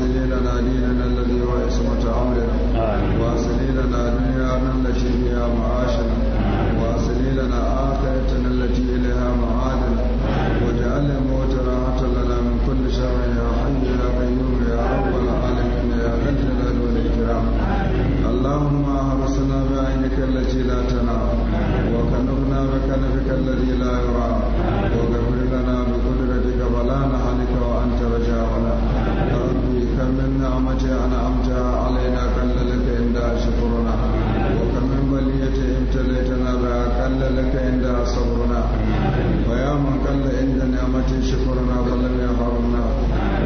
وأصلي لنا ديننا الذي هو عصمة أمرنا وأصلي لنا دنيانا التي فيها معاشنا وأصلي لنا آخرتنا التي إليها معادنا واجعل الموت راحة لنا من كل شر يا حي يا قيوم يا رب العالمين يا ذا الجلال والإكرام اللهم أحرسنا بعينك التي لا تنام وكنفنا بكنفك الذي لا يرام وغفر لنا بقدرتك فلا نهار من نعمة أنعمتها علينا كل لك عندها شكرنا وكم من بلية امتليتنا بها كل لك عندها صبرنا ويا من كل عند نعمة شكرنا ولم يحرمنا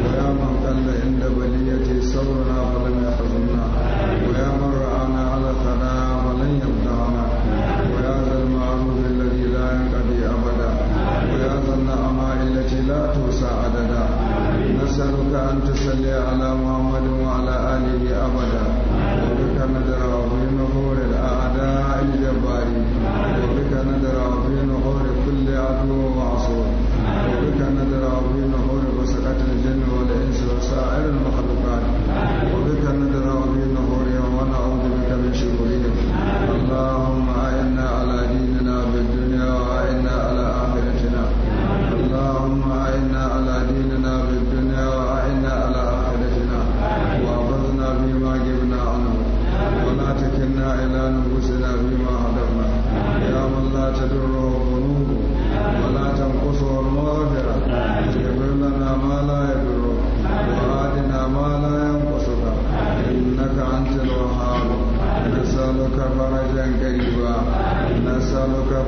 ويا من كل عند بلية صبرنا أن تصلي على محمد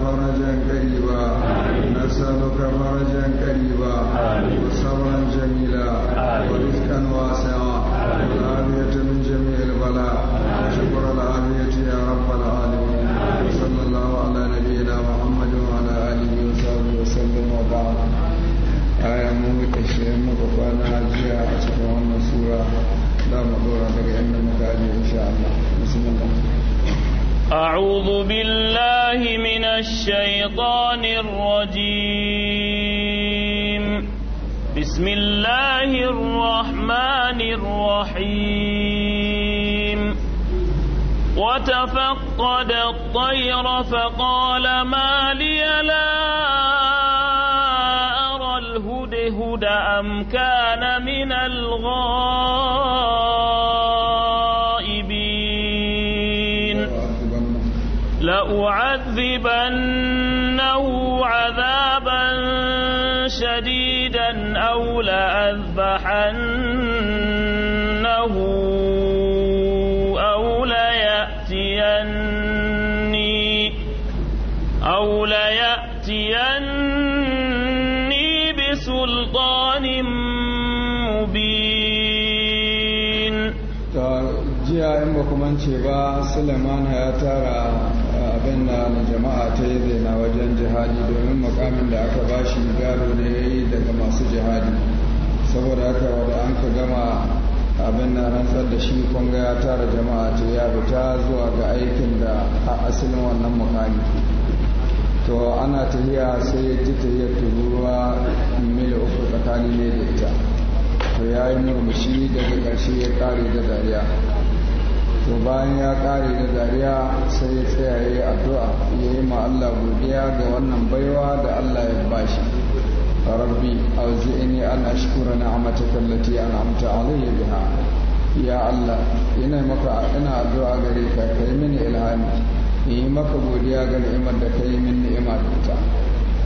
فرجا قريبا نسألك فرجا قريبا وصبرا جميلا ورزقا واسعا والعافية من جميع البلاء وشكر العافية يا رب العالمين صلى الله على نبينا محمد وعلى آله وصحبه وسلم وبعد آية موت الشيخ مقفانا عجية أشكر أن سورة لا مدورة لك أن مكاجي إن شاء الله بسم الله أعوذ بالله من الشيطان الرجيم بسم الله الرحمن الرحيم وتفقد الطير فقال ما لي لا أرى الهدهد أم كان من jiya in ba kuma ce ba suleiman ya tara abin da jama'a ta yi zaina wajen jihadi domin makamin da aka ba shi gado ne ya yi daga masu jihadi saboda haka wadda an ka gama abin da rantsar da shi kwanga ya tara jama'a ta ya fita zuwa ga aikin da a asalin wannan mukami to ana tahiya sai ya ji tahiyar tururuwa mil uku tsakani ne da ita wato ya yi murmushi daga ƙarshe ya ƙare da dariya to bayan ya ƙare da dariya sai ya tsaya ya yi addu'a ya yi ma Allah godiya ga wannan baiwa da Allah ya bashi rabbi auzi'ini an ashkura ni'mataka allati an'amta alayya biha ya Allah ina maka ina addu'a gare ka kai mini ilhami yi maka godiya ga ni'imar da kai mini ni'ima da ita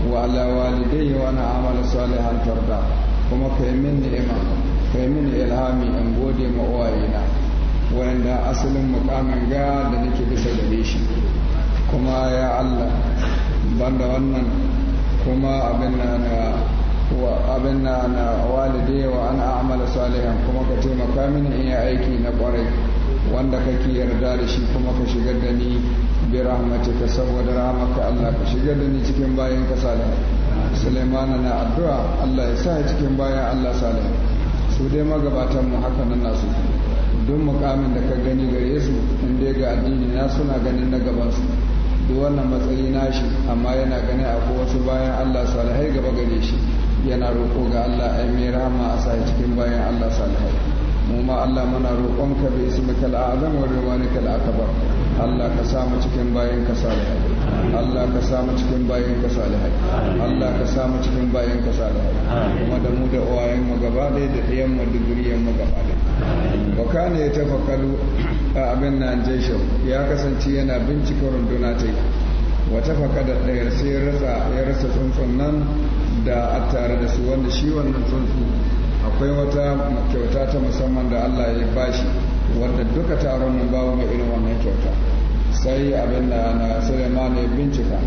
wa ala walidayya wa na salihan tarda kuma ka yi min ni'ima ka min ilhami in gode ma uwayena wanda asalin mukamin ga da nake bisa gare shi kuma ya Allah banda wannan kuma abin na na wa abin na walide wa an a'mala salihan kuma ka taimaka mini in yi aiki na kwarai wanda kake yarda da shi kuma ka shigar da ni bi rahmatika saboda rahmatika Allah ka shigar da ni cikin bayan ka salihan suleimana na addu'a allah ya sa cikin bayan allah salih su dai magabatan mu haka nan nasu duk mukamin da ka gani gare su in dai ga addini na suna ganin na su duk wannan matsayi nashi amma yana ganin akwai wasu bayan allah ai gaba gare shi yana roƙo ga allah ai mai rahama a sa cikin bayan allah salih mu ma allah muna roƙonka bai ismikal a'zam wa ridwanikal akbar allah ka samu cikin bayan ka salih Allah ka samu cikin bayan ka salihai Allah ka samu cikin bayan ka salihai kuma da mu da uwayen mu gaba da ɗayan mu duguriyan mu gaba da wa kana ya a abin nan jaishu ya kasance yana bincika runduna ta wa tafaka da ɗayar sai ya rasa tsuntsun nan da a tare da su wanda shi wannan tsuntsu akwai wata kyauta ta musamman da Allah ya bashi wanda duka taron mu bawo mai irin wannan kyauta sai abin da na ma ya bincika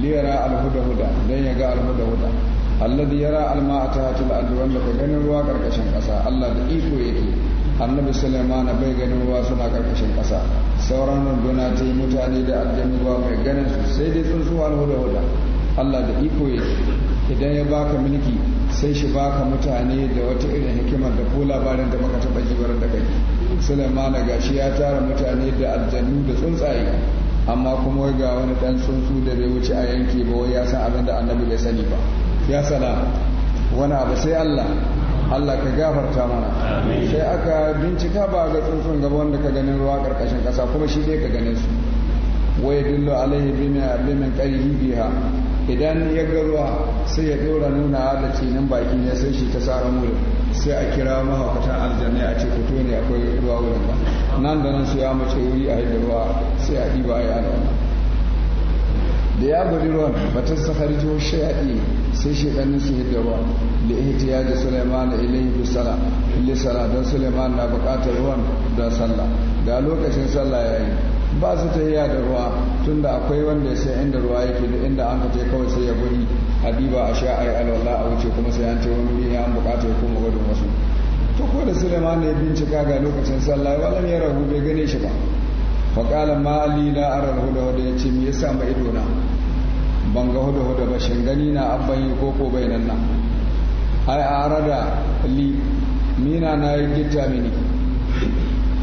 liyara alhuda huda don ya ga alhuda huda alladhi yara alma'a tahtil ardi wanda ko ganin ruwa karkashin kasa Allah da iko yake annabi sulaiman bai ganin ruwa suna karkashin kasa sauran runduna ta yi mutane da aljannu ba mai ganin su sai dai tsuntsu alhuda huda Allah da iko yake idan ya baka mulki sai shi baka mutane da wata irin hikimar da ko labarin da baka taba jibar da kake sulaimana gashi ya tara mutane da aljannu da tsuntsaye amma kuma ga wani dan tsuntsu da bai wuce a yanki ba wai ya san abin da annabi bai sani ba ya sana wani abu sai Allah Allah ka gafarta mana sai aka bincika ba ga tsuntsun gaba wanda ka ganin ruwa karkashin kasa kuma shi dai ka ganin su wai dillo alaihi bimin bimin biha idan ya ga ruwa sai ya dora nuna da cinin baki ne sai shi ta tsara mura sai a kira mahaukatan aljanna a ce kuto ne akwai ruwa wurin ba nan da nan su ya mace wuri a yadda ruwa sai a ɗiba a yi wani da ya gudu ruwan batar sakari to shayaɗi sai shi ɗan su yadda ruwa da ya ji suleiman da bi sala li sala don suleiman na buƙatar ruwan da sallah da lokacin sallah yayi ba su ta yi da ruwa tunda akwai wanda ya sai inda ruwa yake da inda an ka kawai sai ya a habiba a sha alwala a wuce kuma sai an ce wani wuri ya bukata ya koma gudun wasu to ko da Suleiman ya bincika ga lokacin sallah walam ya rahu bai gane shi ba fa qala ma ali la ara huda ya ce me yasa ma ido na ban ga huda huda ba shin gani na abban yi koko bai nan ai arada li mina na yi gitta mini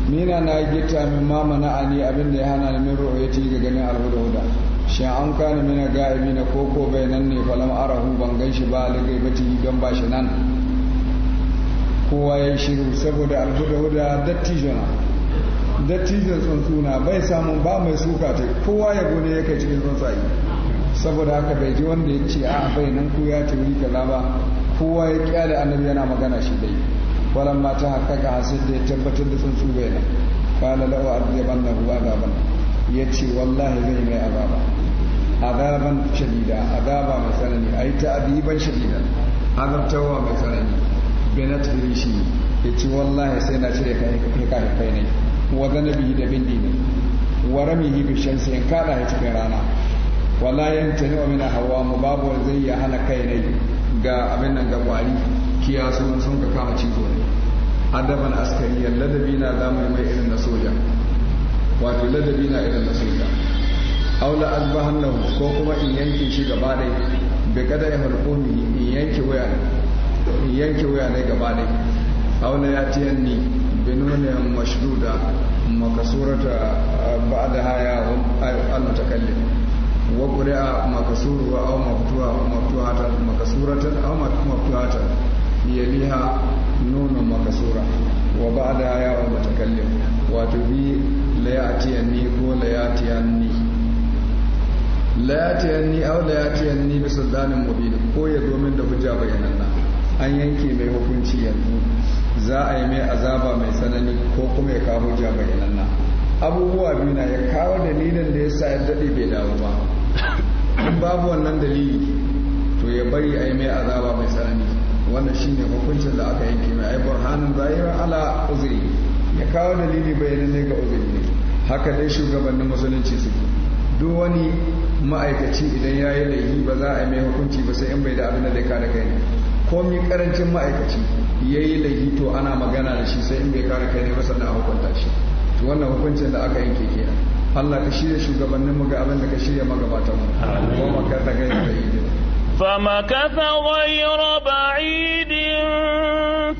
nina na gita min ma mana'ani abin da ya hana ni min ru'yati ga ganin alhuda shin an kana mina ga'ibi na koko bai nan ne falam arahu ban gan shi ba aligai bati don ba shi nan kowa ya shiru saboda alhuda huda dattijona sun tsuntsuna bai samun ba mai suka ta kowa ya gode ya kai cikin sa'i saboda haka bai ji wanda ya ce a bai nan ko ya ce wuri kaza ba kowa ya kyale annabi yana magana shi dai walan ma ta haƙaƙa hasil da ya tabbatar da tsuntsu bai nan kala lau arziban na huwa azaban ya ce wallahi zai mai azaba azaban shadida azaba mai tsanani a yi ta adiban shadida azabtawa mai tsanani benat firishi ya ce wallahi sai na cire kai ne wa zanabi da bindi ne wa ramihi bi shamsi in kada ya cikin rana wala yantani wa min hawa mu babu zai ya hana kai ne ga abin nan ga kwari kiya sun sun ka kama ci adaban askariyar ladabi na za mu yi mai irin na soja wato ladabi na irin na soja aula albahan na ko kuma in yanke shi gaba dai bai kada ya halqumi in yanke waya in yanke waya ne gaba dai aula ya tiyanni bi nunan mashruda makasurata ah, ba'da haya al-mutakallim wa qira'a makasuru wa aw maftuha ta makasuratan aw ta yaliha nunun makasura wa ba da ya wa mutakallim wato bi ko layatiyanni ni au layatiyanni bi sultanin mubin ko ya domin da hujja bayananna an yanke mai hukunci yanzu za a yi mai azaba mai tsanani ko kuma ya kawo hujja bayananna abubuwa biyu na ya kawo dalilin da ya sa ya daɗe bai dawo ba in babu wannan dalili to ya bari a yi mai azaba mai tsanani wannan shine hukuncin da aka yanke mai ai burhanin zahira ala uzri ya kawo dalili bayanan ne ga uzri ne haka dai shugabannin musulunci suke duk wani ma'aikaci idan ya yi laifi ba za a yi mai hukunci ba sai in bai da abin da zai kare kai ne ko mi karancin ma'aikaci ya yi laifi to ana magana da shi sai in bai kare kai ne ba sannan a hukunta shi to wannan hukuncin da aka yanke ke Allah ka shirya shugabanninmu ga abin da ka shirya magabatanmu kuma ka ta gani da فمكث غير بعيد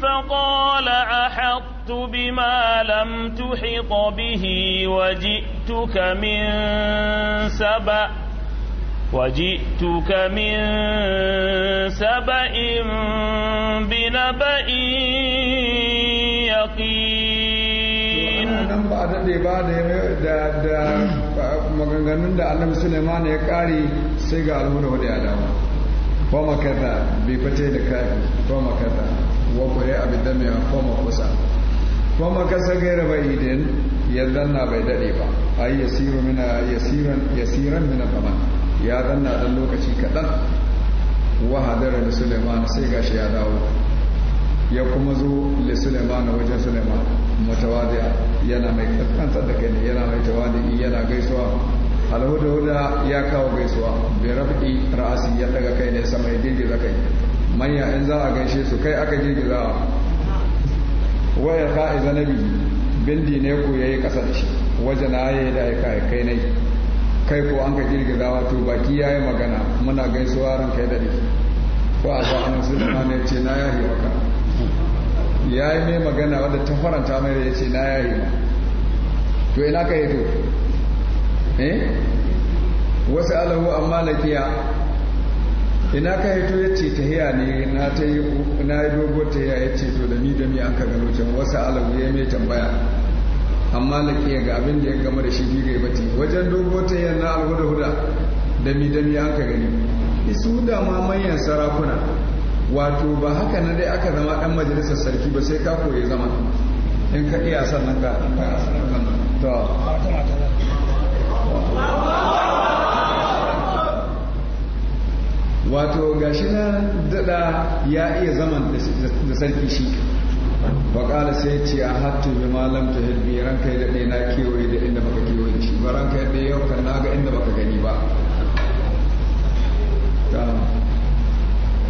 فقال أحطت بما لم تحط به وجئتك من سبأ وجئتك من سبأ بنبأ يقين da maganganun da annabi Suleiman ya kare sai ga koma kaza bai fate da kafi koma kaza wako ya abin da mai koma kusa koma kasa gaira bai idin yadda na bai dade ba yi yasiru mina yasiran yasiran mina fama ya danna dan lokaci kadan wa hadara da Suleiman sai gashi ya dawo ya kuma zo li Suleiman wajen Suleiman mutawadi'a yana mai kaskantar da kai yana mai tawadi yana gaisuwa alhuda ya kawo gaisuwa bai rafi ra'asi ya daga kai ne sama ya girgiza kai manya in za a gaishe su kai aka girgiza waya fa'i zanabi bindi ne ku ya yi da shi wajen yi da ya kai kai ne kai ko an ka girgiza wato baki ya yi magana muna gaisuwa ran kai da dake ko a a nan sun ma ne ce na yahi maka yi mai magana wanda ta faranta mai ya ce na yi ma to ina ka yi to eh wasu alahu amma malakiya ina ka hito ya ce tahiya ne na ta yi na yi dogon ya ce to da ni da ni an ka gano can wasu alahu ya mai tambaya amma lafiya ga abin da ya gama da shi bi bati wajen dogon tahiya na alhuda huda da mi da mi an ka gani isu da ma manyan sarakuna wato ba haka na dai aka zama dan majalisar sarki ba sai ka koyi zama in ka iya sannan ka to wato gashi na dada ya iya zaman da sarki shi bakala sai ce a hattu bi malam ta hirbi ranka ya daɗe na kewaye da inda baka kewaye shi ba ranka ya daɗe yau na ga inda baka gani ba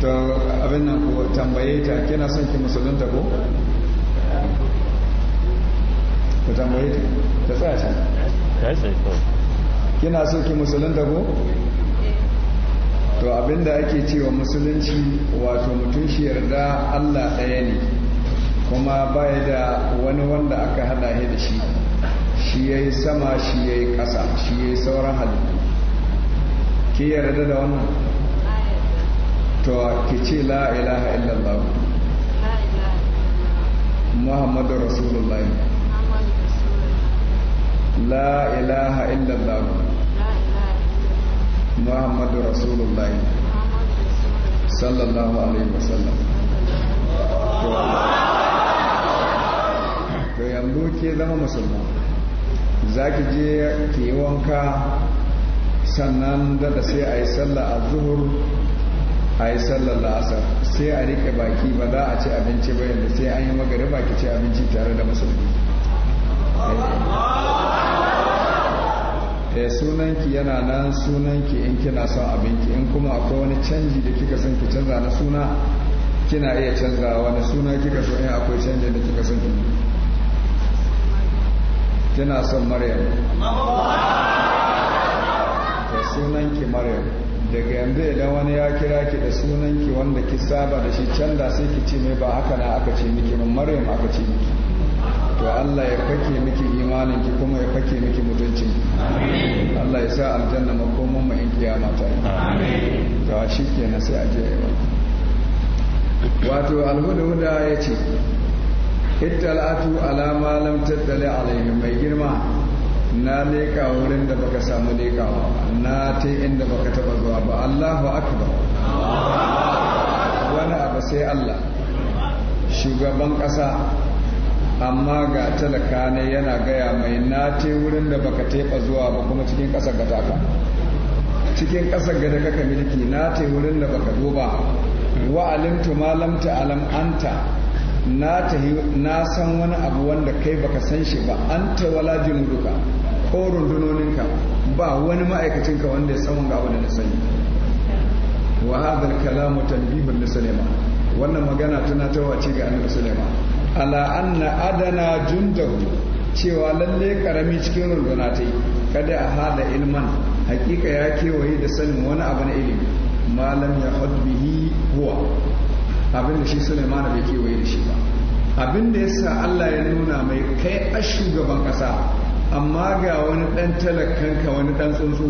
ta abin nan ko tambaye ta kina son ki musulunta ko ku tambaye ta ta tsaya ta ta tsaya kina so ki musulunta ko to abinda ake cewa musulunci wato mutum shi yarda Allah ɗaya ne kuma baya da wani wanda aka hada shi da shi shi yayi sama shi yayi ƙasa shi yayi sauran halittu ki yarda da wannan to ki ce la ilaha illallah muhammadu rasulullahi la ilaha illallah muhammadu صلى sallallahu alaihi وسلم to yanzu ke zama musulma za ki je ki yi wanka sannan da sai a yi sallah a zuhur a yi sallar la'asar sai a rike baki ba za a ci abinci ba yadda sai an yi magari baki ci abinci tare da musulmi E sunanki yana nan sunanki in kina son abinki in kuma akwai wani canji da kika son ki canza na suna kina iya canza wani suna kika so in akwai canji da kika son ki kina son maryam da sunanki maryam daga yanzu idan wani ya kira ki da sunanki wanda ki saba da shi canza sai ki ce mai ba haka na aka ce miki maryam aka ce miki to Allah ya fake miki imanin ki kuma ya fake miki mutuncin ki Allah ya sa aljanna makomin mu in kiyama ta yi to shi kenan sai a je wato alhuda ya ce ittalatu ma lam tattali alaihi mai girma na leka wurin da baka samu lekawa na ta inda baka taba zuwa ba Allahu akbar wani abu sai Allah shugaban ƙasa amma ga talaka ne yana gaya mai na te wurin da baka teɓa zuwa ba kuma cikin ƙasar gada ka cikin ƙasar gada kaka miliki na te wurin da baka duba wa alimtu ma lam anta na tahi na san wani abu wanda kai baka san shi ba an ta wala duka ko rundunoninka ba wani ma'aikacinka wanda ya san wanga abu da na sani wa hadal kalamu tanbibul li wannan magana tana tawaci ga Annabi Sulaiman ala anna adana jundahu cewa lalle karami cikin runduna ta kada a hada ilman hakika ya kewaye da sanin wani abu na ilimi malam ya bihi huwa abin da shi Suleiman bai kewaye da shi ba abin da yasa Allah ya nuna mai kai a shugaban kasa amma ga wani dan talakanka wani dan tsuntsu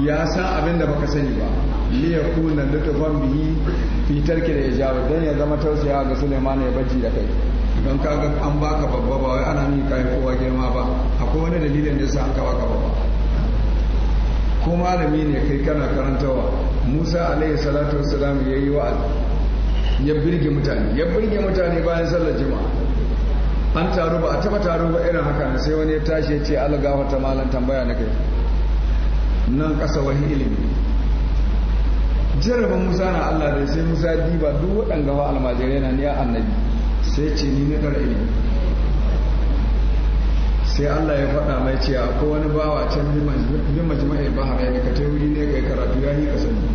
ya san abin da baka sani ba ya na lutfan bihi fitar ki da jawo dan ya zama tausayawa ga Suleiman ya baji da kai don kaga an baka babba ba wai ana nuni kai kowa girma ba akwai wani dalilin da yasa an kawaka babba ko malami ne kai kana karantawa Musa alaihi salatu wassalam yayi ya birge mutane ya birge mutane bayan sallar juma'a an taru ba a taba taru ba irin haka sai wani ya tashi ya ce algawa ta malan tambaya na kai nan kasa wani ilimi jarabin musa na allah da sai musa diba duk waɗanda wa almajirai na niya annabi sai ce ni na ƙara sai Allah ya faɗa mai ce ko wani bawa can bi majma'il bahar ya ka tai wuri ne ga karatu ya yi kasani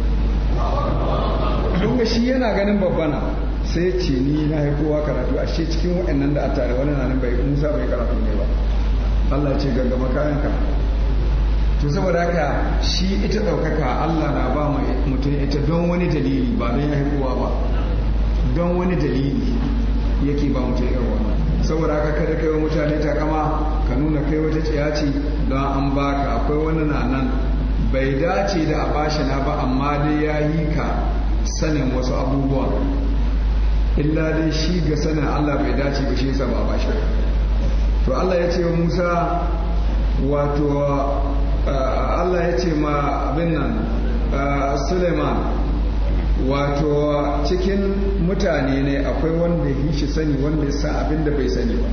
sani shi yana ganin babbana sai ce ni na yi kowa karatu a shi cikin waɗannan da a tare wani na nan bai musa bai karatu ne ba Allah ce kayan kayanka to saboda haka shi ita ɗaukaka Allah na ba mutum ita don wani dalili ba don ya kowa ba don wani dalili yake ba mutum yawa saboda haka kada kai wa mutane kama ka nuna kai wata ciyaci don an baka akwai wani na nan bai dace da a bashi na ba amma dai ya yi ka sanin wasu abubuwa illa dai shi ga sanin Allah bai dace ba shi yasa ba a bashi to Allah ya ce Musa wato uh, Allah ya ce ma abin nan uh, Suleiman wato cikin mutane ne akwai wanda ya shi sani wanda ya san abin da bai sani ba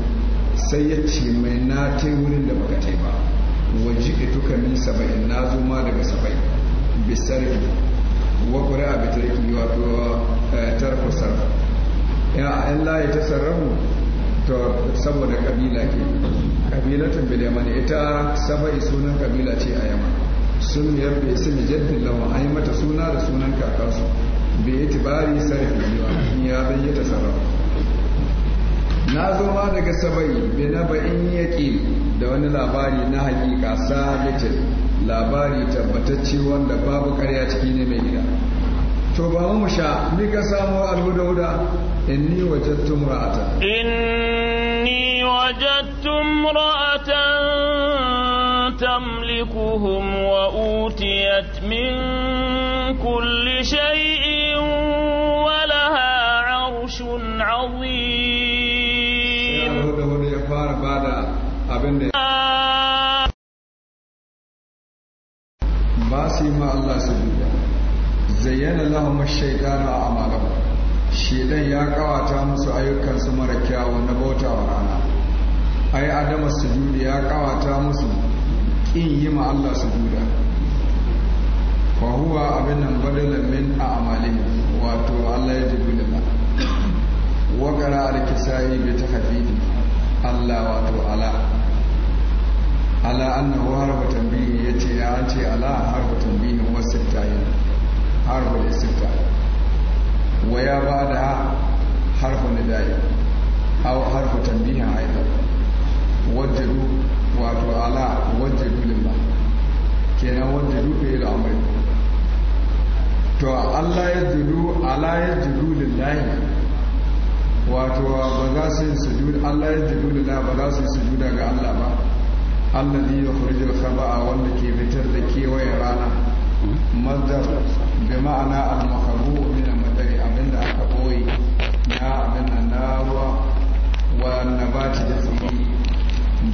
sai ya ce mai na ta wurin da baka ta ba waje duka min saba'in na zo ma daga saba'in yi wa a bitar bitarki wato eh, tarko sarfa ya Allah laye ta sarrafu to saboda kabila ke kabilatun bilaman ita saba'i sunan kabila ce a yamma sun yarda sun jaddin lawa yi mata suna da sunan kakansu bi itibari sarfi zuwa in ya bayyana yi na zo ma daga sabai bi na yi yaƙi da wani labari na hakika sabitin labari tabbatacce wanda babu karya ciki ne mai gida to ba mu sha ni ka samu alhuda huda inni wajadtu imra'atan inni wajadtu imra'atan tamlikuhum wa utiyat min كل شيء ولها عرش عظيم basi ah. ma Allah sabila zayyana lahum ash-shaytanu shedan ya kawata musu ayyukansu mara kyawun na wa rana ai adama sujudi ya kawata musu kin yi ma Allah sujuda fa huwa abin nan badalan min a'malin wato Allah ya jibu lillah wa qara al-kisai bi tahdidi Allah wato ala ala annahu harfu tanbihi yace ya an ce ala harfu tanbihi wasl yajulu ala yajulu lillahi wato ba za su yi sujud Allah ya jidu lillahi ba za su yi sujuda ga Allah ba Allah ne ya kaba khaba'a wanda ke fitar da kewaye rana mazdar bi ma'ana al mahabu min al-madari abinda aka boye na abinda na ruwa wa nabati da tsiri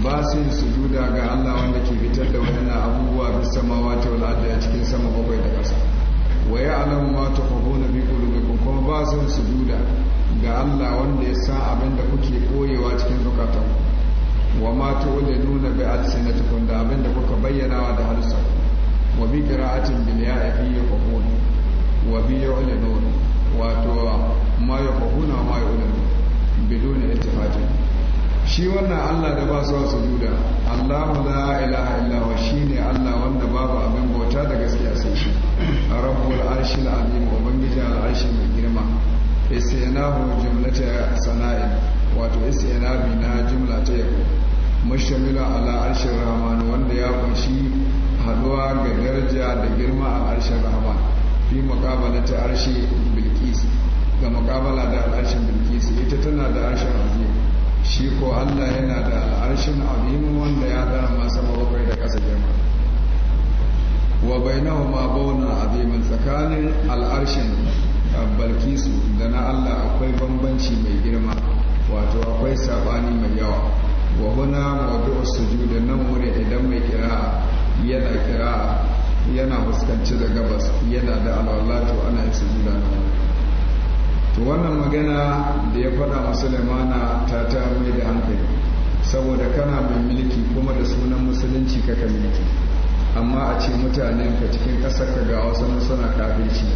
ba su yi sujuda ga Allah wanda ke fitar da wayannan abubuwa bisa mawata wal a cikin sama bakwai da ƙasa wa alamu ma biyu bi qulubikum kuma ba su sujuda ga Allah wanda ya san abin da kuke koyewa cikin zukatan wa ma nuna alisai na tukun da abin da kuka bayyana wa da harsa wa bi qira'atin bil ya fi yaqulu wa bi yu'linuna wato ma na ma yu'linuna bidun ittifaqin shi wannan Allah da ba su sujuda Allahu la ilaha illa huwa shine Allah wanda babu abin bauta da gaskiya sai shi rabbul arshi al'azim ubangiji al'arshi mai girma isyanahu jumlata sana'in wato isinabi na jumla ta yabo mashamila ala arshin rahman wanda ya kunshi haduwa ga daraja da girma a arshin rahman fi muqabala ta arshi bilqis ga muqabala da arshin bilqis ita tana da arshin azim shi ko Allah yana da bainahuma bawna azimin tsakanin al'arshin balkisu da na Allah akwai bambanci mai girma wato akwai sabani mai yawa wa huna mawdu'u sujud nan wuri idan mai kira yana kira yana fuskanci da gabas yana da alwala ana sujuda nan to wannan magana da ya faɗa musulmana ta ta mai da hankali saboda kana mai mulki kuma da sunan musulunci kaka mulki amma a ce mutanen ka cikin ƙasar ka ga wasu nan suna kafirci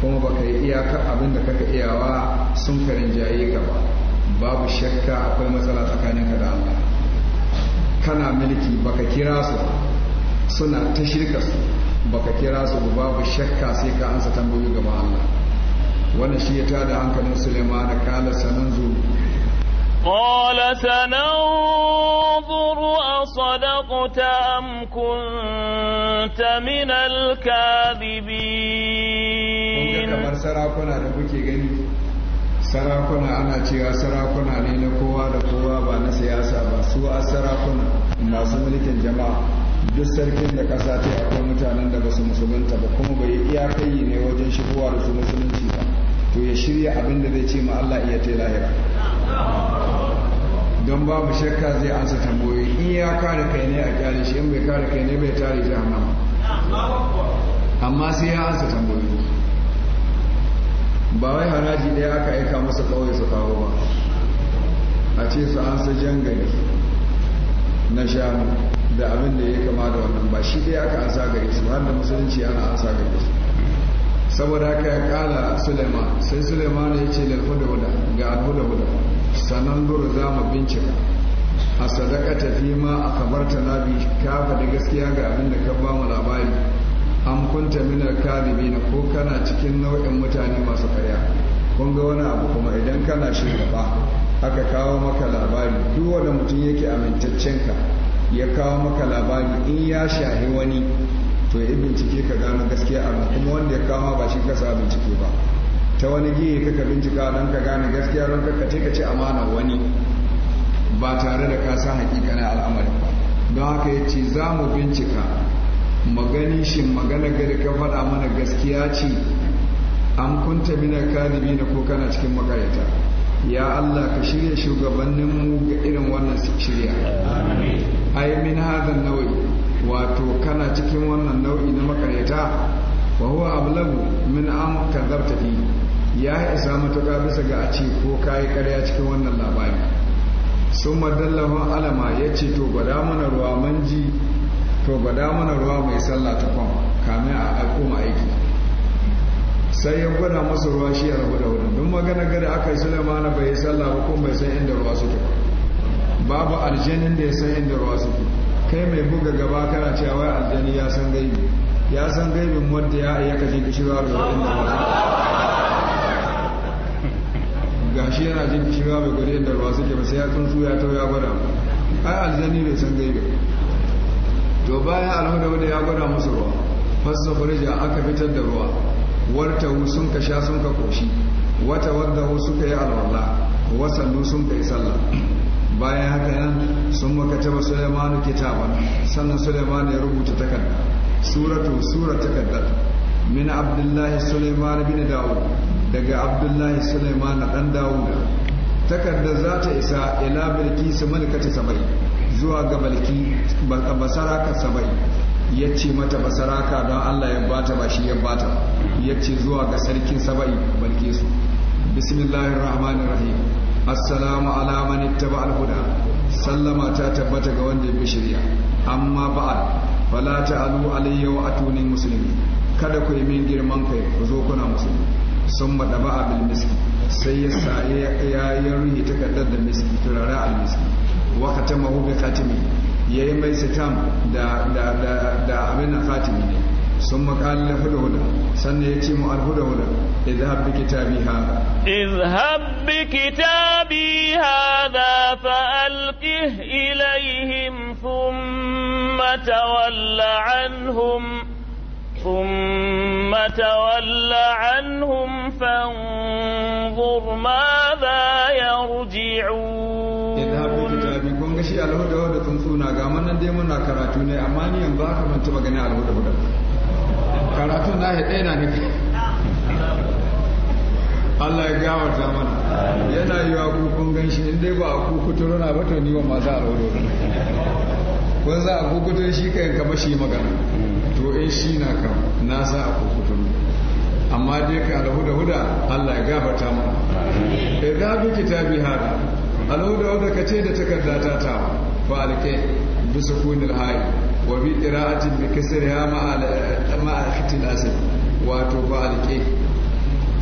kuma baka yi iyaka abin da kaka iyawa sun karin jaye ka ba babu shakka akwai matsala tsakanin ka da Allah kana mulki baka kira su suna ta shirka su baka kira su babu shakka sai ka ansa tambayoyi gaba Allah wannan shi ya tada hankalin Suleiman da kala sananzu قال سننظر صدقت أم كنت من الكاذبين kamar sarakuna da kuke gani sarakuna ana cewa sarakuna ne na kowa da kowa ba na siyasa ba su a sarakuna masu mulkin jama'a duk sarkin da kasa ce akwai mutanen da ba su musulunta ba kuma bai kai ne wajen shigowa da su musulunci ba to ya shirya abin da zai ce ma Allah iya ta lahira don babu shakka zai ansa tamboyi in ya kare kai ne a kyale shi in bai kare kai ne bai tare hannu. amma sai ya ansa tamboyi ba wai haraji ɗaya aka aika masa kawai su kawo ba a ce su ansa gari na shanu da abin da ya kama da wannan ba shi ɗaya aka ansa gari su har da musulunci ana ansa gari su saboda aka ya kala suleiman sai suleiman ya ce lalhuda huda ga alhuda huda sanan duru za mu bincika a sadaka tafi ma a kabarta na bi ka da gaskiya ga abin da ka ba mu labari an kunta minar kalibi na ko kana cikin nau'in mutane masu karya kun ga wani abu kuma idan kana shugaba aka kawo maka labari duk wanda mutum yake amintaccen ka ya kawo maka labari in ya shahi wani to ya bincike ka gano gaskiya amma kuma wanda ya kawo ba shi kasa bincike ba ta wani giye kaka bincika don ka gane gaskiya don ka kace ka ce amana wani ba tare da ka san na al'amari don haka ya ce za mu bincika magani shi magana gari ka faɗa mana gaskiya ce an kunta mina kalibi na ko kana cikin makarita ya Allah ka shirya shugabannin mu ga irin wannan shirya ai min hadan nau'i wato kana cikin wannan nau'i na makarita wa huwa ablagu min an kadhabta ya isa matuƙa bisa ga a ce ko ka yi ƙarya cikin wannan labari sun madallahun alama ya ce to gwada mana ruwa man ji to gwada mana ruwa mai sallah ta kwan kamin a ma aiki sai ya gwada masa ruwa shi ya rabu da wurin don magana gari aka yi sulemana bai yi sallah ba kuma bai san inda ruwa suke babu aljanin da ya san inda ruwa suke kai mai buga gaba kana cewa wai aljani ya san gaibi ya san gaibin wanda ya ayyaka jin kishirwa da da ruwa shi yana jin cewa mai gwada yadda ruwa suke ba sai ya tsuntsu ya tau ya gwada ai aljani bai san gaibe to bayan alhuda wadda ya gwada musu ruwa fasa furja aka fitar da ruwa warta hu sun ka sha sun ka koshi wata wadda suka yi alwala wasannu sun ka yi sallah bayan haka nan sun taba Sulaimanu kitaban sannan Sulaimanu ya rubuta takarda suratu sura takardar min abdullahi sulaiman bin dawud daga abdullahi sulaiman dan dawud takardar za ta isa ila bilkisu malikati sabai zuwa ga balki basaraka sabai ya ce mata basaraka don allah ya bata ba shi ya bata ya ce zuwa ga sarkin sabai su balkisu bismillahirrahmanirrahim assalamu ala man ittaba al-huda sallama ta tabbata ga wanda ya bi shari'a amma ba'al fala ta'alu alayya wa atuni muslimin kada ku yi min girman kai ku zo kuna musulmi sun maɗa ba a bil miski sai ya sa ya yi ruhi takardar da miski turare al miski wakata mahu bi katimi ya yi mai sitam da abin na katimi ne sun makalin da huda huda sannan ya ce mu al huda huda izhab bi kitabi hada izhab bi kitabi ha hada fa alqih ilayhim thumma tawalla anhum ثم تول عنهم فانظر ماذا يرجعون إذهبوا كتابي كون غشي تنسونا قامنا karatu amma ni yanzu Allah ya gawa zaman yana yi wa kukun ganshi in dai ba a kukuturo na ba to ni ba masu kun za a kukuturo shi kayan kama shi magana Eh, shi na kan na sa a kokutun amma dai ka alhuda huda Allah ya gafarta mu idza eh, bi kitabi hada alhuda huda kace da takarda ta fa alke bi sukunil hayy wa bi qira'atin bi kasriha ma'a ma'a khitil asl wato fa alke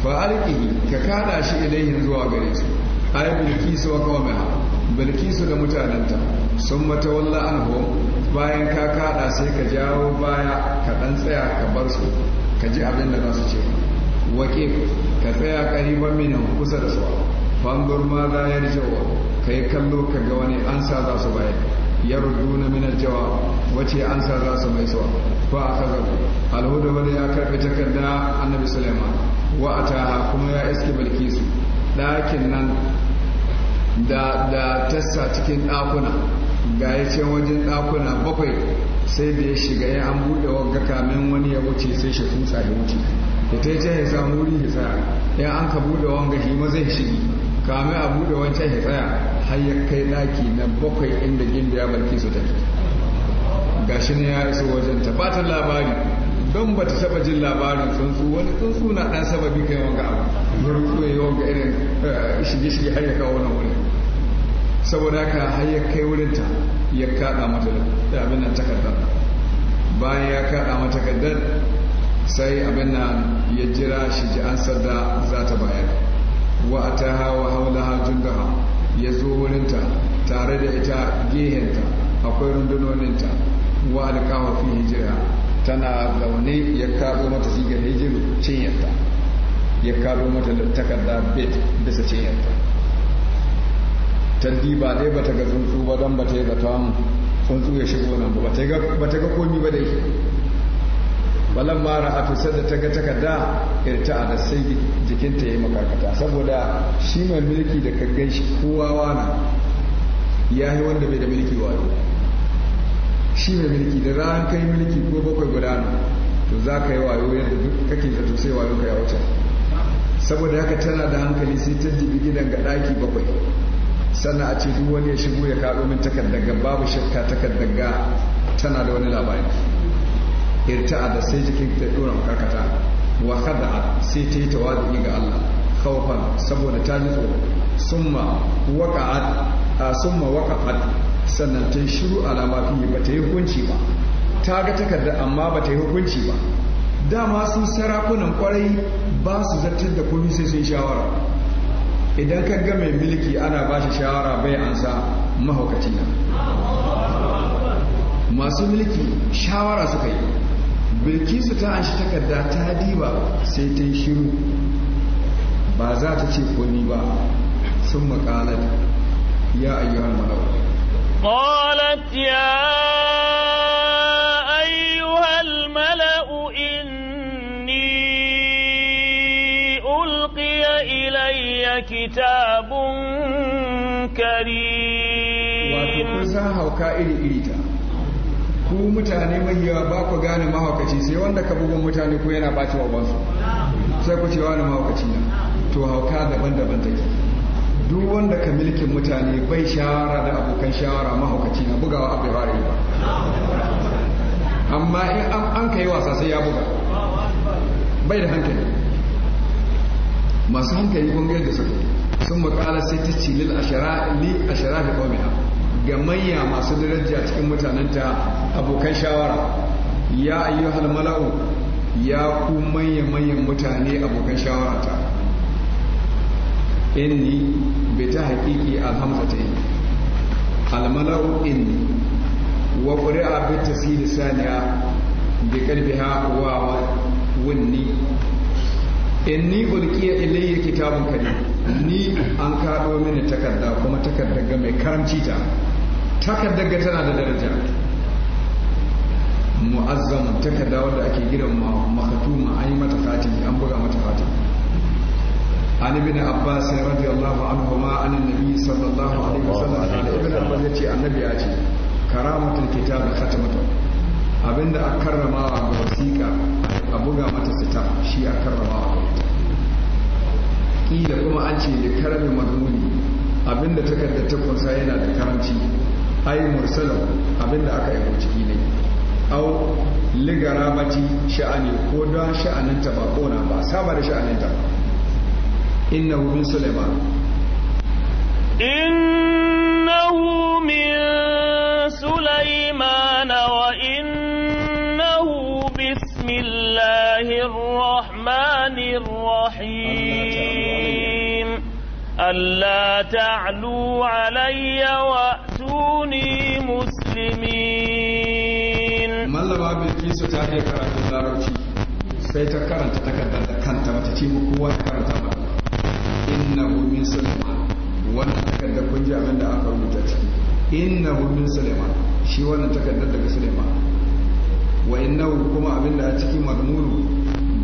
fa alke ka kada shi ilayhin zuwa gare su ay bilkisu wa qawmaha bilkisu da ta. sun matawalla anhum bayan ka kada sai ka jawo baya ka dan tsaya ka bar su ka ji abin da za su ce wake ka tsaya kariban minin kusa da su fangur ma za ya rijawa ka yi kallo ka ga wani ansa za su bayar ya na minar jawa wace ansa za su mai suwa ba a kazar alhuda wani ya karɓi takarda annabi suleiman wa a taha kuma ya iske bilkisu ɗakin nan da da tassa cikin ɗakuna ga ya ce wajen ɗakuna bakwai sai da ya shiga ya an buɗe ga kamin wani ya wuce sai shi tusa ya wuce da ta ce ya samu wuri ya tsaya ya an ka buɗe wa shi ma zai shigi kame a buɗe wancan ya tsaya har ya kai ɗaki na bakwai inda ya barki su ta ga shi ne ya iso wajen ta labari don ba ta taba jin labarin tsuntsu wani tsuntsu na ɗan sababi kai wanga abu ya ya yi wanga irin eh, shige-shige har ya kawo wani wuri saboda haka hayar kai wurinta ya kada mata da abin nan takardar bayan ya kada mata takardar sai abin nan ya jira shi ji an za ta bayar wa a ta hawa haulaha ya zo wurinta tare da ita gehenta akwai rundunoninta wa alƙawa fi hijira tana zaune ya kaɗo mata sigar cin cinyarta ya kaɗo mata takarda bet bisa cinyarta ta ba dai bata ga tsuntsu ba don bata yi tawon tsuntsu ya shigo nan ba bata ga komi ba dai balan mara a tusar da ta ga takarda irta da sai jikinta ya yi makarkata saboda shi mai mulki da kaggan shi kowa wana ya yi wanda bai da mulki wato shi mai mulki da ran kai mulki ko bakwai guda gudana to za ka yi wayo yadda duk kake zato sai wayo ka ya wuce saboda haka tana da hankali sai ta jibi gidan ga ɗaki bakwai sannan a ce duk wani ya shigo ya kaɗo min takardaga babu shakka takardaga tana da wani labari irta da sai jikin ta dora karkata wa khada'a sai ta yi tawadi ga Allah khawfan saboda ta ji tsoro summa waqa'at summa waqa'at sannan ta shiru alama fi ba ta yi hukunci ba ta ga takarda amma ba ta yi hukunci ba dama su sarakunan kwarai ba su zartar da komai sai sun shawara idan ka ga mai mulki ana ba shi shawara bai ansa mahaukaci na masu mulki shawara suka yi bilkisu ta an shi takarda ta diba sai ta yi shiru ba za ta ce komi ba sun makalar ya ayyuhar malau قالت يا iri-iri ta ku mutane mai yawa ba ku gane mahaukaci sai wanda ka bugun mutane ku yana ɓaci wa bansu sai ku ce wani mahaukaci na to hauka daban-daban take duk wanda ka milkin mutane bai shawara da abokan shawara mahaukaci na bugawa abu ba amma in an ka yi wasa sai ya buga bai da hankali masu hankali kun da suka sun makalar sai ta ce lil ashara li shara'a da qawmiha ga manya masu daraja cikin mutanenta abokan shawara ya ayyuhal mala'u ya ku manya manyan mutane abokan shawara ta inni bai ta haƙiƙi alhamza ta yi almala'u inni wa ƙuri'a bai ta siri saniya bi ƙarfiha wa wani inni ulqiya ilayya kitabun karim ni an kaɗo mini takarda kuma takarda ga mai karamci ta takardar ga tana da daraja mu'azzam takarda wadda ake gidan makatuma an yi mata fatin an buga mata fatihi عن ابن عباس رضي الله عنهما عن nabi sallallahu alaihi wasallam da قال ابن عباس يتي النبي يتي كرامة الكتاب ختمته abin da a karramawa ga wasiƙa a buga mata sita shi a karramawa. a ƙila kuma an ce da karamin mazmuni abinda takarda ta kunsa yana da karanci ai mursalahu abinda aka yi ciki ne au ligaramati sha'ani ko da sha'aninta ba kona ba saba da sha'aninta innahu min sulaiman innahu min sulaiman wa innahu bismillahir rahmanir rahim alla ta'lu alayya wa كوني مسلمين ملما بالكيسو تاهي كرات الزاروشي سيتا كرات تكدر كانت وتتيم قوة كرنت إنه من سليمان وانا تكدر كنجا من أكبر متاتي إنه من سليمان شي وانا تكدر لك سليمان وإنه كما أبن أتكي مضمون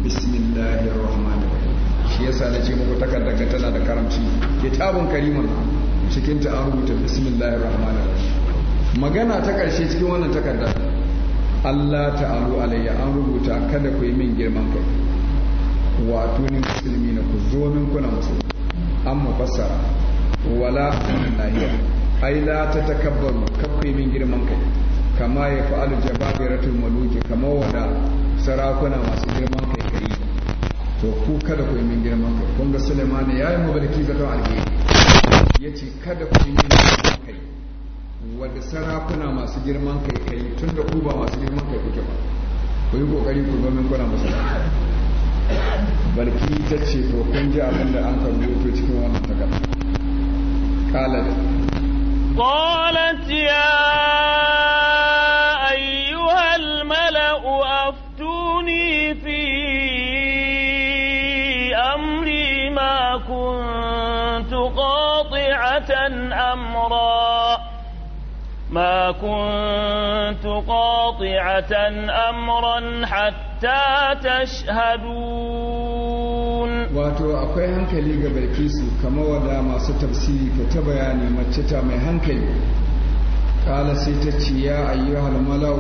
بسم الله الرحمن الرحيم shi yasa na ce muku takardar tana da karamci kitabun karimun cikin ta an rubuta bismillahir rahmanir rahim magana ta ƙarshe cikin wannan takarda Allah ta'alu alayya an rubuta kada ku yi min girman kai wato ni musulmi na ku zo min kuna musulmi an mufassara wala nahiya ai la ta takabbaru yi min girman kai kama ya fa'alu jababiratul maluki kama wada sarakuna masu girman kai kai to ku kada ku yi min girman kai kun ga Sulaiman ya yi mabarki zaton alheri yace kada ku yi min girman kai wadda sarakuna masu girman kai kai tun da ku ba masu girman kai kuke ba ku yi kokari ku domin kuna musu barki ta ce ko kun ji abin da an kan to cikin wannan takarda qalat qalat ya قاطعة أمرا حتى تشهدون واتو أقوي هنكلي قبل كيسو كما ودا ما ستفسيري كتبياني متتا مي هنكلي قال سيتتي يا أيها الملو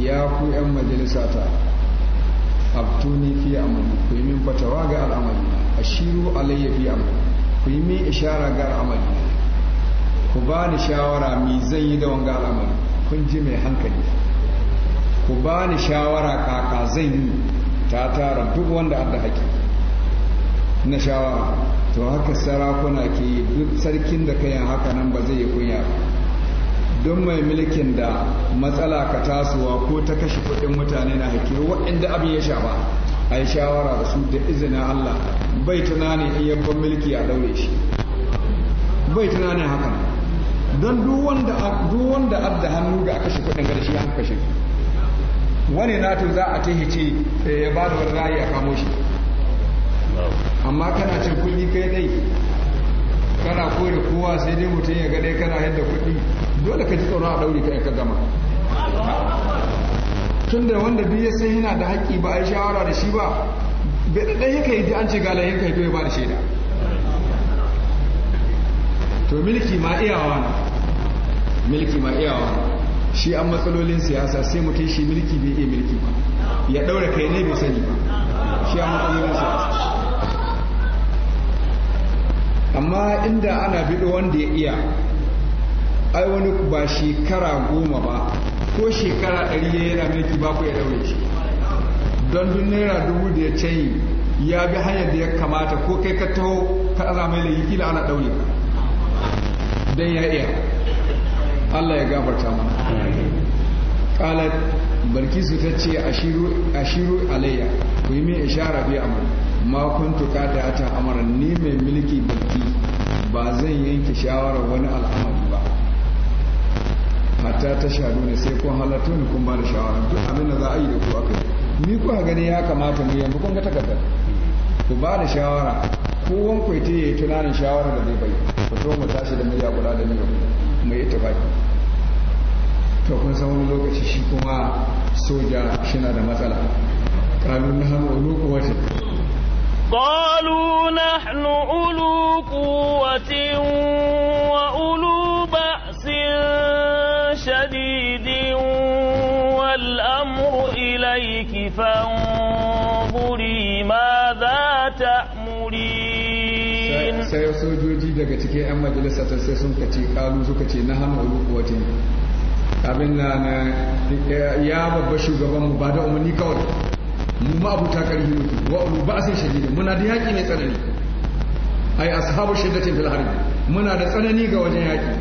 يا كو أم مجلساتا abtuni في amali ku yi min fatawa ga علي في alayya fi amali ku yi min ku ba ni shawara mi zan yi da wanga al'amari kun ji mai hankali ku ba ni shawara kaka zan yi ta tara duk wanda adda haƙi na shawara to haka sarakuna ke yi duk sarkin da kayan haka nan ba zai yi kunya don mai mulkin da matsala ka tasowa ko ta kashe kuɗin mutane na haƙi waɗanda abin ya sha ba a yi shawara da su da izinin Allah bai tunanin in yabban mulki a daure shi bai tunanin haka don duk wanda adda hannu ga kashe kuɗin shi an kashe wani nato za a tahi ce eh, ya ba da wani rayu a kamo shi amma kana cin kudi kai dai kana kore kowa sai dai mutum ya gane kana yadda kuɗi dole ka ji tsoron a ɗauri kai ka gama tun da wanda duk ya sai yana da haƙƙi ba a yi shawara da shi ba bai da yake yi ji an ce ga lahin kai ya ba da shaida to milki ma iyawa na milki ma iyawa na shi an matsalolin siyasa sai mutum shi mulki bai iya mulki ba ya ɗaura kai ne bai sani ba shi an matsalolin siyasa amma inda ana biɗo wanda ya iya ai wani ba shekara goma ba ko shekara ɗari ya yana mulki ba ku ya ɗaure shi don duk naira dubu da ya canyi ya bi hanyar da ya kamata ko kai ka taho ka azamai da kila ana ɗaure don ya iya Allah ya gafarta mana qalat barkisu ce a shiru alayya ku yi min ishara bi amr ma kuntu ya ta amara ni mai mulki barki ba zan yanke shawara wani al'amari ba hata ta shaɗu ne sai kun halatta ne kun ba da shawara duk abin da za a yi da ku yi ni kuwa gani ya kamata mu yanzu kun ga takardar ku ba da shawara kowan kwaiti ya yi tunanin shawara da zai bai ku zo mu tashi da mu guda kula da mu mai ita baki to kun san wani lokaci shi kuma soja shina da matsala kalu na hannu ulu kuwatin قالوا نحن أولو قوة وأولو بأس شديد والأمر إليك فانظري ماذا تأمرين sai sojoji daga cikin 'yan majalisa sai sun kace kalu suka ce na hannu ulu kuwatin abin na ya babba shugaban mu ba da umarni kawai mu ma abuta karfi mutu wa ba sai shadidin muna da yaƙi mai tsanani ai ashabu shiddatin fil harbi muna da tsanani ga wajen yaƙi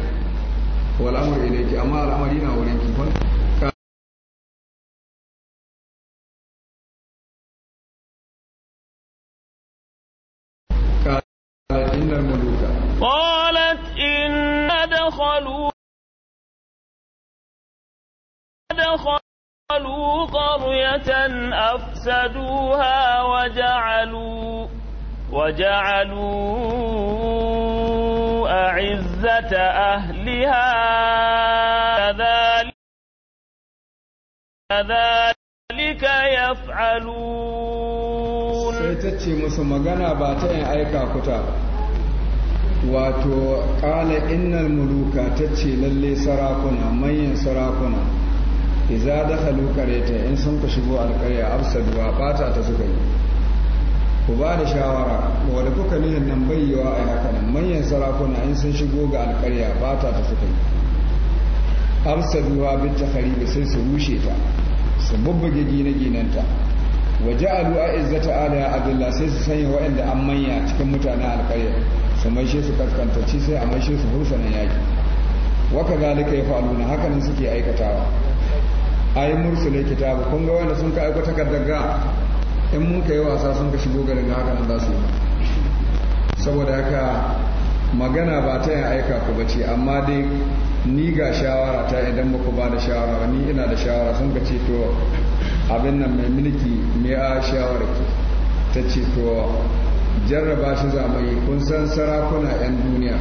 wal amru ilayki amma al'amari na wurin ki دخلوا قرية أفسدوها وجعلوا وجعلوا أعزة أهلها كذلك يفعلون sai ta ce musu magana ba ta aika kuta wato ƙala innal muluka ta ce lalle sarakuna manyan sarakuna iza da ta in sun ka shigo alƙarya absaduwa bata ta suka yi ku ba da shawara wadda kuka nihin nan bayyawa a haka nan manyan sarakuna in sun shigo ga alƙarya bata ta suka yi absaduwa bin ta haribi sai su rushe ta su bubbuge gine-ginenta waje alu a izzata ala abdullah sai su sanya wa'anda an manya cikin mutanen alƙarya su maishe su kaskantaci sai a maishe su hursa na yaƙi waka zalika ya falu suke aikatawa ayi mursule kitabu kun ga wanda sun ka aiko takardar ga in mun yi wasa sun ka shigo garin ga haka nan za su yi saboda haka magana ba ta yin aika ku bace amma dai ni ga shawara ta idan ba ku ba da shawara ni ina da shawara sun ka ce to abin nan mai mulki me a shawara ki ta ce to jarraba shi zamani kun san sarakuna 'yan duniya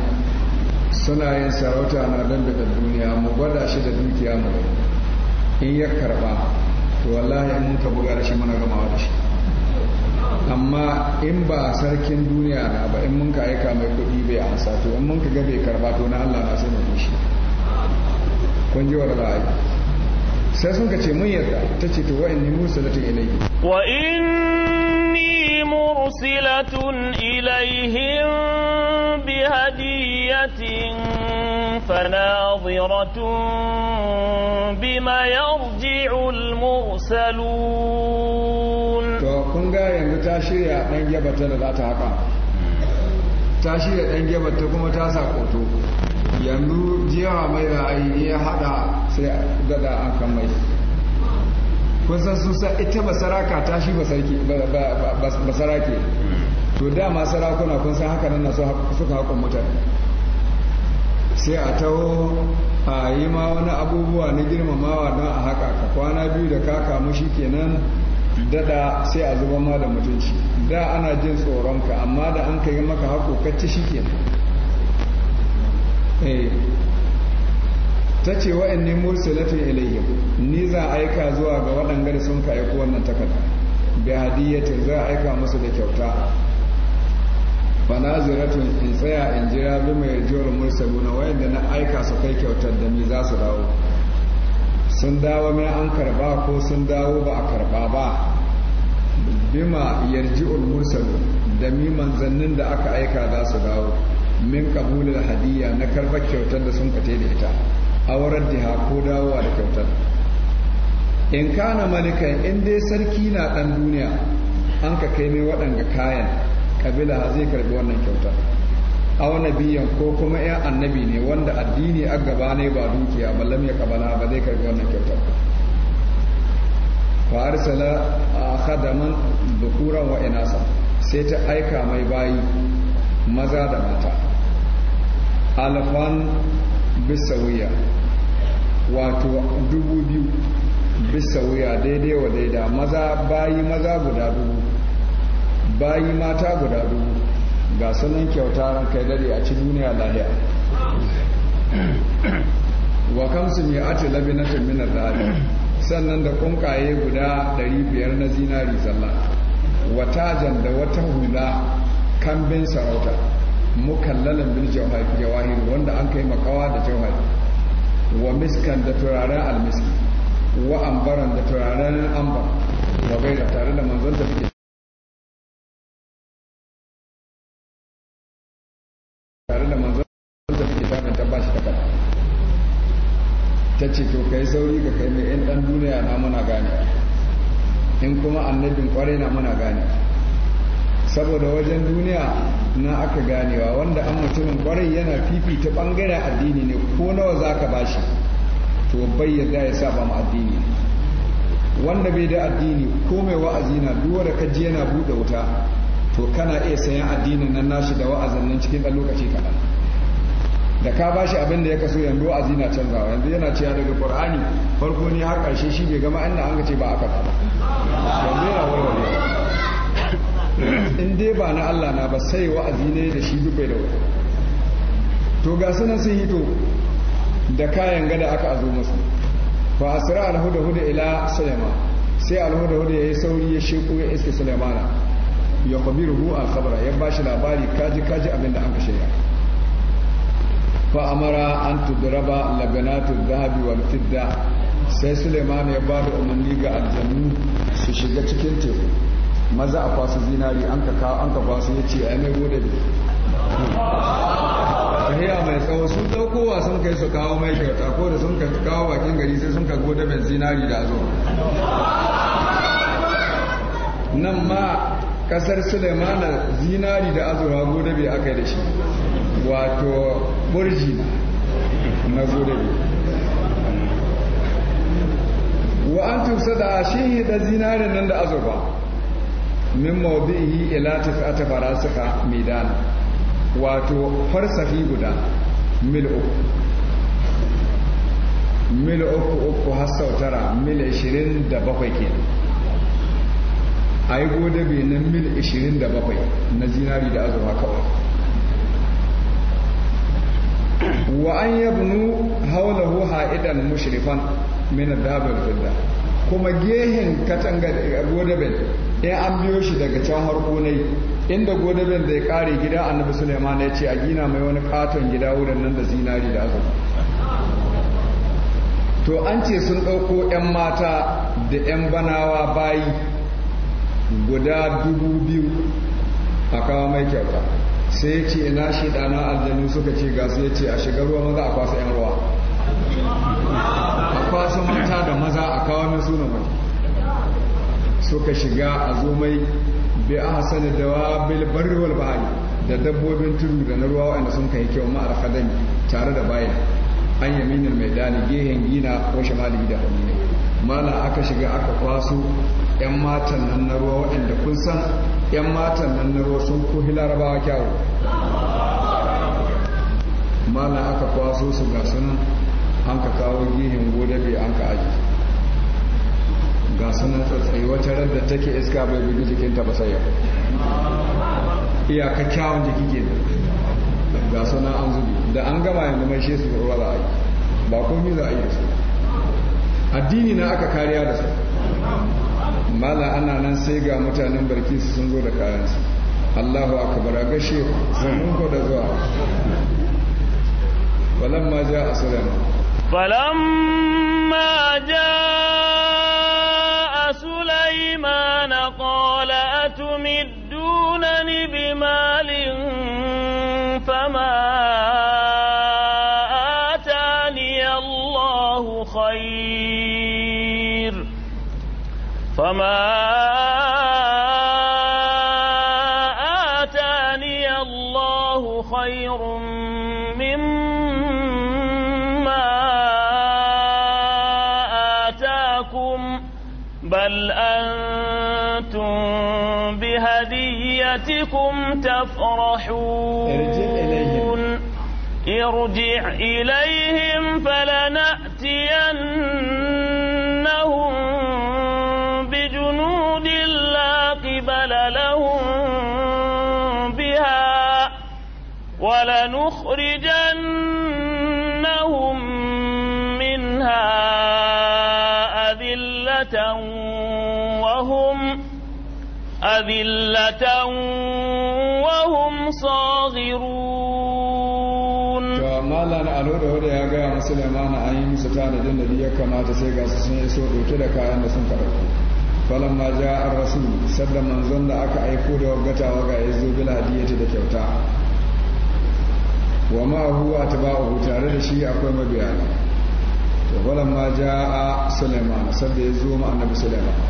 suna yin sarauta na don da duniya mu gwada shi da dukiya mu in ya karba to wallahi mun ka buga da shi muna gama da shi amma in ba sarkin duniya na ba in mun ka aika mai kuɗi bai amsa to in mun ka ga bai karba to na Allah na sai mu shi kun ji wa sai sun ka ce mun yarda ta ce to wa'in ni mursalatun ilayhi wa inni mursilatun ilayhim bi فناظرة بما يرجع المرسلون to kun ga yanzu ta shirya dan gebata da za ta haka ta shirya dan gebata kuma ta sako to yanzu jiya mai ra'ayi ya hada sai da an kan mai kun san sun sa ita basaraka ta shi basarake to dama sarakuna kun san haka nan suka haƙon mutane sai a taho a yi ma wani abubuwa na girmamawa don a haka ka kwana biyu da ka kamu shi kenan dada sai a zuba ma da mutunci da ana jin tsoronka amma da an kai maka hako kacci shi kenan eh. ta ce wa'in ne mursalatun ilayya ni za a aika zuwa ga waɗanda sun ka aiko wannan takarda da hadiyyatin za a aika musu da kyauta fanaziratun in tsaya in jira bi mai jiyar mursalu na wayanda na aika su kai kyautar da ni za su dawo sun dawo mai an karba ko sun dawo ba a karba ba bima yarji'ul mursalu da mi manzannin da aka aika za su dawo min kabulul hadiyya na karba kyautar da sun kace da ita aurar da ko dawowa da kyautar in kana malikan in dai sarki na ɗan duniya an ka kai mai waɗanda kayan kabila zai karbi wannan kyauta aw biyan ko kuma yan annabi ne wanda addini a gaba ne ba dukiya ba lam ya kabala ba zai karbi wannan kyauta fa arsala khadaman dhukuran wa inasa sai ta aika mai bayi maza da mata alfan bisawiya wato dubu biyu bisa wuya daidai wa daida maza bayi maza guda dubu bayi mata guda dubu ga sunan kyauta ran kai dare a cikin duniya lahiya wa kamsu mai ati labinatin minar dadi sannan da kunkaye guda 500 na zinari zalla watajan da wata hula kambin sarauta mukallalan bil jawahir wanda an kai makawa da jawahir wa miskan da turaren almiski wa ambaran da turaren ambar wa da tare da manzon da sauri da kai mai yan ɗan duniya na muna gane in kuma annabin kwarai na muna gane saboda wajen duniya na aka ganewa wanda an mutumin kwarai yana fifita bangaren addini ne ko nawa za ka bashi to bai yadda ya saba ma addini wanda bai da addini ko mai wa'azi na duwa da kaji yana buɗe wuta to kana iya sayan addinin nan nashi da wa'azin nan cikin ɗan lokaci kaɗan da ka ba shi abin da ya kaso yanzu a zina canzawa yanzu yana cewa daga qur'ani farko ne har karshe shi bai gama inda an ce ba aka ba yanzu yana warware in dai ba na Allah na ba sai wa'azi ne da shi duk bai da wani to ga sunan sun hito da kayan gada aka azo musu fa asra alhuda huda ila sulaiman sai alhuda huda yayi sauri ya sheko ya iske sulaimana ya khabiruhu al khabara ya bashi labari kaji kaji abinda an kashe ya fa amara an tudraba laganatu dhahabi wal fidda sai Suleiman ya ba da umarni ga aljannu su shiga cikin teku maza a kwasu zinari an ka kawo an ka kwasu ya ce ai mai gode bi tahiya mai tsawo sun dauko ɗaukowa sun kai su kawo mai kyauta ko da sun kawo bakin gari sai sun ka gode mai zinari da zo nan ma kasar Suleimana zinari da azurwa gode bai aka yi da shi wato burji na gode wa an tusa da shi da zinarin nan da azurfa min mawdihi ila tis'ati farasika midan wato farsafi guda mil uku mil uku uku har tara mil 27 kenan a yi godabe na mil 27 na zinari da azurfa kawai wa an yabnu haulahu ha'idan mushrifan min dabal fidda kuma gehen katanga godabel in an biyo shi daga can harko ne inda godabel zai kare gida annabi suleiman ya ce a gina mai wani katon gida wurin nan da zinari da azu to an ce sun ɗauko 'yan mata da 'yan banawa bayi guda dubu biyu a kawo mai kyauta sai ya ce ina shi dana aljanu suka ce gasu sai ya ce a shiga ruwa maza a kwasa yan ruwa a kwasa mata da maza a kawo min suna mai suka shiga a zo mai bi a hasali da wa bil barri wal bahari da dabbobin tudu da na ruwa wanda sun kai kyau ma'ar tare da bayan an yaminin mai dani gehen gina ko shamali da hannu mana aka shiga aka kwaso 'yan matan nan na ruwa waɗanda kun san 'yan matan nan na ruwa sun kohi larabawa kyawu mana aka kwaso su ga sunan an ka kawo gihin gode bai an ka aji ga sunan tsatsayi wata ran da take iska bai bugi jikinta ba sai iyaka kyawun jiki ke ga sunan an zubi da an gama yanzu mai shi su ruwa za a yi ba yi za a yi da su addini na aka kariya da su mala ana nan sai ga mutanen su sun zo da kayansu allahu akbar a gashe sun ku da zuwa ja a ja ارجع إليهم فلنأتينهم بجنود لا قبل لهم بها ولنخرجنهم منها أذلة وهم أذلة وهم صاغرون alo da wadda ya gaya masu lamana an yi musu tanadin da ya kamata sai gasu sun iso ɗauke da kayan da sun karɓi falon ma ja a rasu sadda manzon da aka aiko da wagata ga ya zo bila hadiyata da kyauta wa ma huwa a tare da shi akwai mabiya to falon ma ja a suleiman sadda ya zo ma annabi suleiman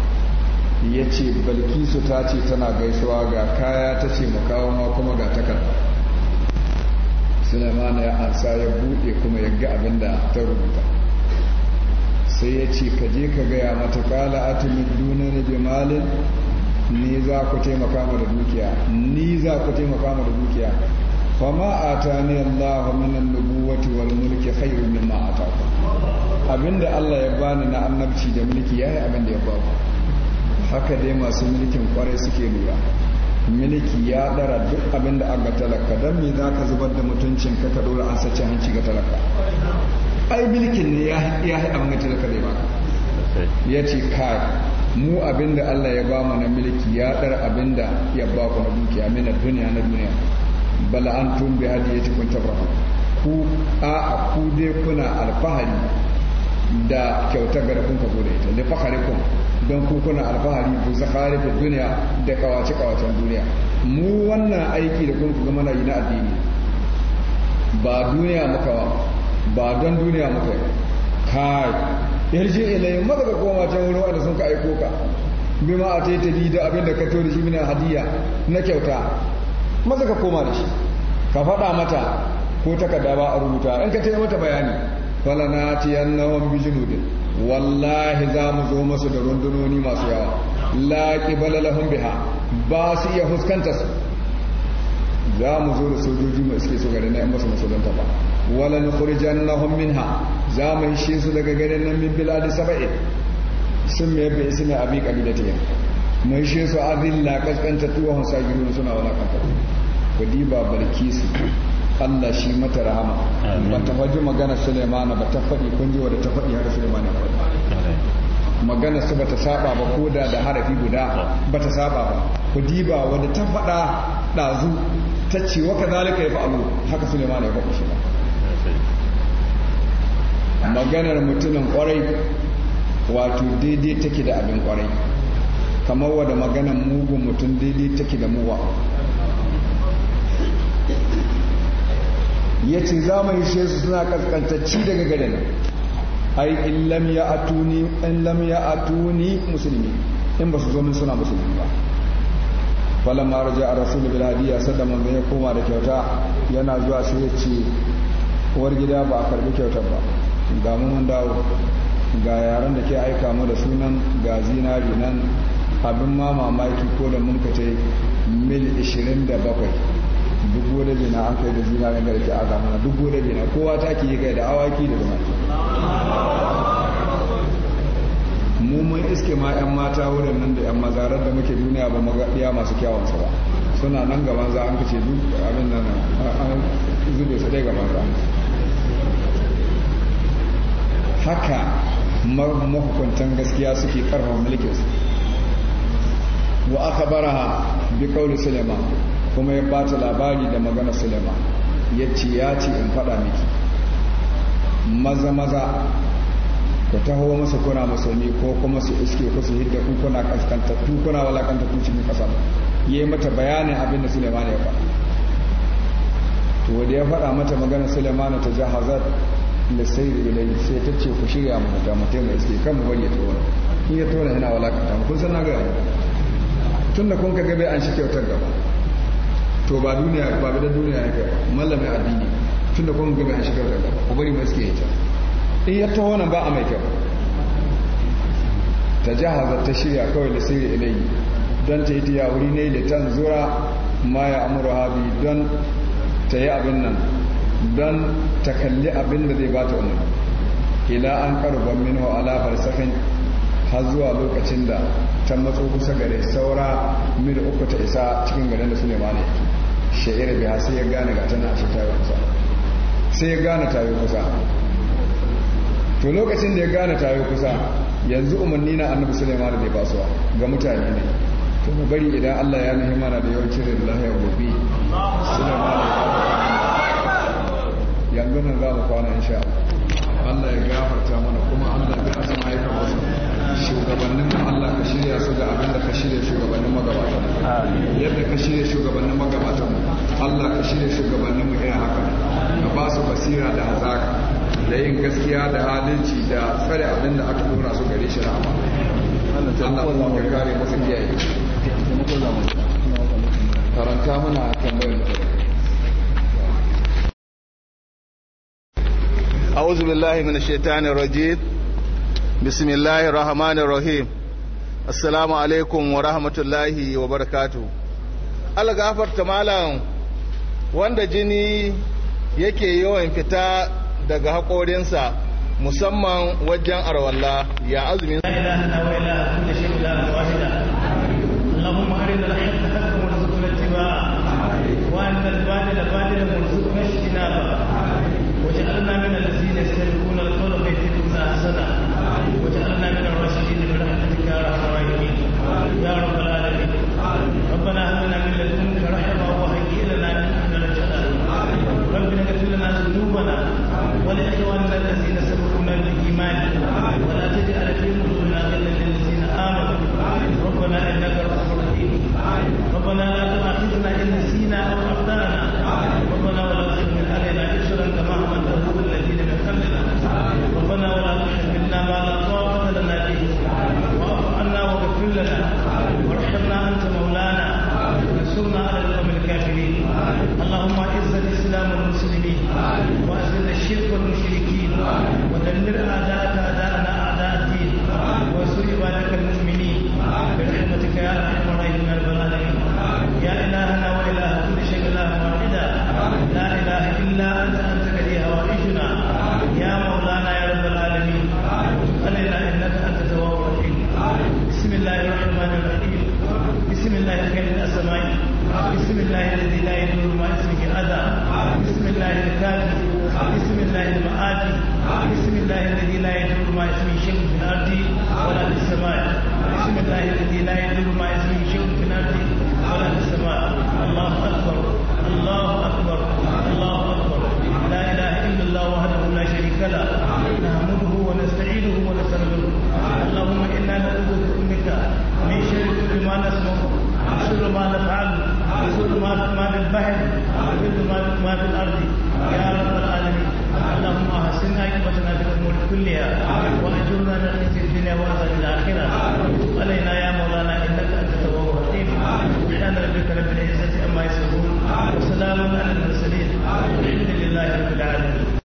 ya ce balkisu ta ce tana gaisuwa ga kaya ta ce mu ma kuma ga takarda suleiman ya ansa ya buɗe kuma ya ga abin ta rubuta sai ya ce ka je ka gaya mata kala atimin dunan jimalin ni za ku taimaka mu da dukiya ni za ku taimaka mu da dukiya fama ne Allah minan nubuwati wal mulki khairun mimma ku abinda Allah ya bani na annabci da mulki yayi abinda ya ba haka dai masu mulkin kwarai suke lura miliki ya dara duk abin da aka talaka don me za ka zubar da mutuncin ka ka dora an sace hanci ga talaka ai milikin ne ya yi abin da talaka zai baka ya ce kai mu abin da Allah ya ba mu na miliki ya dara abin da ya ba ku na dukiya mina duniya na duniya bala an tun bi hadi ya kun ku a ku dai kuna alfahari da kyautar garkun ka zo da ita da don kukuna alfahari ko zakari ko duniya da kawace kawacen duniya mu wannan aiki da kuma kuma na yi na addini ba duniya muka ba ba don duniya muka yi kai yarje ilai maza ka koma can wurin wanda sun ka aiko ka ma a ta da abin da ka tori shi mina hadiya na kyauta maza ka koma da shi ka faɗa mata ko takarda ba a rubuta in ka mata bayani falana ciyan nawan bijinudin wallahi za mu zo masu da rundunoni masu yawa laƙi balalahun biha ba su iya fuskanta su za mu zo da sojoji mai suke so na 'yan masu musulunta ba wala na kurijan na ha za mu hishe su daga garin nan min biladi saba'i sun mai bai su mai abin kabilatiyar mu hishe su abin kaskanta tuwa hansa girin suna wani kanta ku ba barki su Allah shi mata rahama ba ta faɗi magana Sulaimana ba ta faɗi kun ji wadda ta faɗi haka Sulaimana magana su ba ta saba ba ko da da harafi guda ba ta saba ba ku diba wanda ta faɗa ɗazu ta ce wa ka zalika ya fa'alu haka Sulaimana ya faɗi shi ba maganar mutumin kwarai wato daidai take da abin kwarai kamar wadda maganar mugun mutum daidai take da muwa ya ce za mu su suna kaskantacci daga gare nan ai in lam ya atuni in lam ya atuni musulmi in ba su zo min suna musulmi ba falan ma raja a rasul bil hadiya sada man ya koma da kyauta yana zuwa sai ya ce uwar gida ba a karbi kyautar ba ga mu mun dawo ga yaran da ke aika mu da sunan ga zinari nan abin ma mamaki ko da mun kace mil 27 duk gona zina an kai da zina zinarin garki a zamana duk gona zina kowa ta ke kai da awaki da zama mu mun iske ma 'yan mata wurin nan da 'yan mazarar da muke duniya ba magaɗiya masu kyawansa ba suna nan gaban za an kace duk abin nan an zube su dai gaban za haka mahukuntan gaskiya suke karfafa mulkinsu wa aka baraha bi kauli suleiman kuma ya bata labari da magana Suleiman ya ce ya ce in faɗa miki maza maza ku taho musu kuna musulmi ko kuma su iske ku su hidda ku kuna kaskantattu kuna walakantattu cikin ƙasa ya yi mata bayanin abin da Suleiman ya faɗa to da ya faɗa mata magana Suleiman ta jahazar da sai ilai sai ta ce ku shirya mu ta mu mai iske kan mu bari ya tona in ya tona yana walakanta mu kun san na gaya tun da kun ka gabe an shi kyautar gaba to ba duniya ba bidan duniya ya ba mallamin addini tun da kuma gaba ya shiga daga ku bari mai suke ita in ya taho nan ba a mai kyau ta jahaza ta shirya kawai da sirri ilai don ta yi ta wuri ne da tan zura ma ya amuru habi don ta yi abin nan don ta kalli abin da zai ba ta umarni ila an karban minhu ala sakin har zuwa lokacin da ta matso kusa gare saura mil uku ta isa cikin garin da su ne ma ne sha'ir biya sai ya gane ga tana shi tayo kusa sai ya gane tayo kusa to lokacin da ya gane tayo kusa yanzu umarni na annabi sulaiman da ya basuwa ga mutane ne to mu bari idan Allah ya nahi mana da yawancin da Allah ya gobe sulaiman yanzu nan za mu kwana insha Allah Allah ya gafarta mana kuma Allah ya azama ya su. shugabannin da Allah ka shirya su da abin da ka shirya shugabannin magabatan yadda ka shirya shugabannin magabatan Allah ka shirya shugabannin mu irin haka ka ba su basira da hazaka da yin gaskiya da adalci da tsare abin da aka dora su gare shi rahama Allah kuma ka kare musu kiyaye karanta mana tambayar mutane أعوذ بالله من الشيطان الرجيم bismillahir rahmanir rahim assalamu alaikum wa rahmatullahi wa barakatuh algafarta malam wanda jini yake yawan fita daga haƙorinsa musamman wajen arwalla ya azumin اللهم أرنا واجعلنا من الراشدين برحمتك يا ارحم الراحمين يا رب العالمين ربنا هب لنا من لدنك رحمه وهيئ لنا من امرنا رشدا ربنا اغفر لنا ذنوبنا ولاخواننا الذين سبقونا بالايمان ولا تجعل في قلوبنا غلا للذين امنوا ربنا انك رؤوف رحيم ربنا لا تؤاخذنا كلها